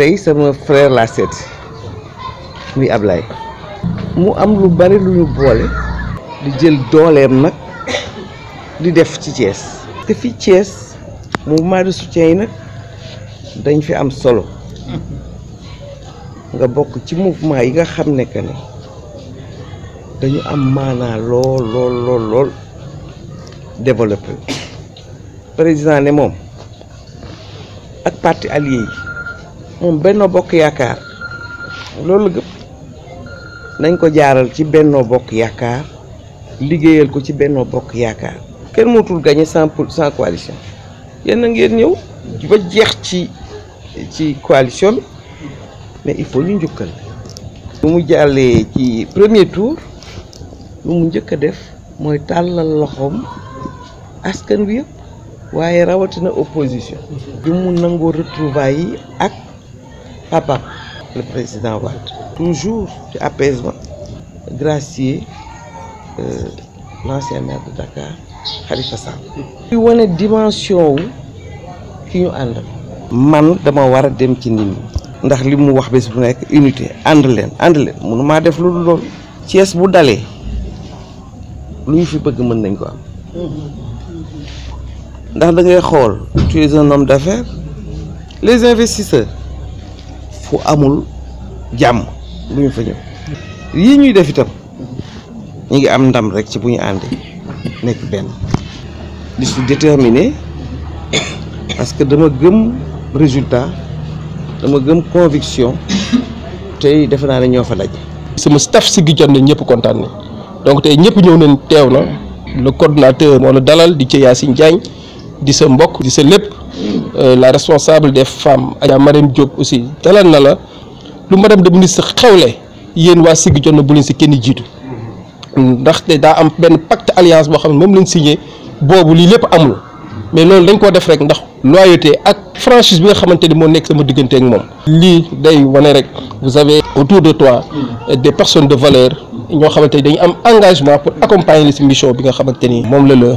tey sama frère la seet muy Ablaye mu am lu bari lu ñu boole di jël dooleem nag di def ci Thiès te fii Thiès mouvement de soutien yi nag dañ fi am solo nga bokk ci mouvement yi nga xam ne que dañu am maanaa lool lool lool lool président ne moom ak parti allié yi moom Benno Bokk Yaakaar loolu gëpp nañ ko jaaral ci Benno Bokk Yaakaar liggéeyal ko ci Benno Bokk Yaakaar kenn mootul gagné sans pour sans coalition yéen ngeen ñëw ba jeex ci ci coalition mais il faut ñu njukkal. lu mu jàllee ci premier tour lu mu njëkk a def mooy tàllal loxoom askan wi waaye rawatina opposition. bi mu nangoo retrouvailles yi ak. Papa, le président Watt, toujours apaisement, gracier euh, l'ancien maire de Dakar, Khalifa Sall. a une dimension qui nous ñu man dama war a dem ci nit ndax limu wax bés bu nek unité and leen and leen mënu ma def lolu dul loolu. Thiès bu dalé lu fi bëgg mën nañ ko am. ndax da ngay xol tu es un homme d'affaires les investisseurs. fu amul jam luñu fa ñëw yi ñuy def itam ñi ngi am ndam rek ci buñu ñu nek ben di su déterminer parce que dama gëm résultat dama gëm conviction tay defe na ne ñoo fa sama staff ci gi jonne ñepp contane donc tay ñepp ñew nañ teew na le coordinateur mo dalal di ci yassine Diagne di sa mbokk di sa euh, la responsable des femmes Adja Marème Diop aussi dalal na la lu madame de ministre xewle yeen wa sig jonne na bu leen si kenn ndax ndaxte da am ben pacte alliance bo xamne mom len signé bobu li lepp amul mais lolou dañ ko def rek ndax loyauté ak franchise bi nga xamanteni mo nek sama diggante ak mom li day wane rek vous avez autour de toi euh, des personnes de valeur ño xamanteni dañ am engagement pour accompagner cette mission bi nga xamanteni mom la le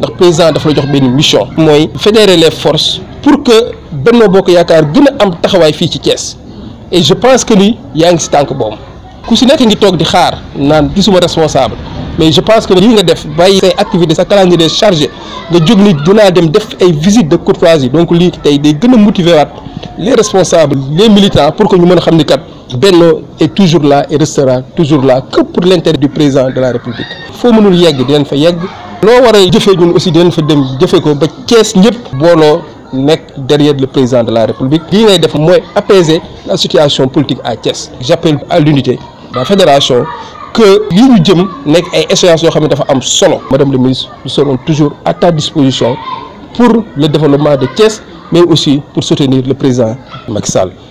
ndax président dafa la jox benn mission. mooy fédérer les forces pour que Benno Bokk Yaakaar gën a am taxawaay fii ci Thiès et je pense que ni yaa ngi si tànk boobu ku si nekk ngi toog di xaar naan gisuma responsable mais je pense que lii nga def bàyyi say activité sa calendrier chargé nga jóg ni dinaa dem def ay visite de courtoisie donc lii tey day gën a motiver les responsables les militants pour que ñu mën a xam kat Benno est toujours là et restera toujours là que pour l'intérêt du président de la République foo mënul yegg dinañ fa yegg. Nous avons aussi fait fa dem Mais ko derrière le président de la République Il ngay def apaiser la situation politique à Thiès j'appelle à l'unité la fédération que nous jëm nekk ay échéances yoo madame le ministre nous serons toujours à ta disposition pour le développement de Thiès mais aussi pour soutenir le président Macky Sall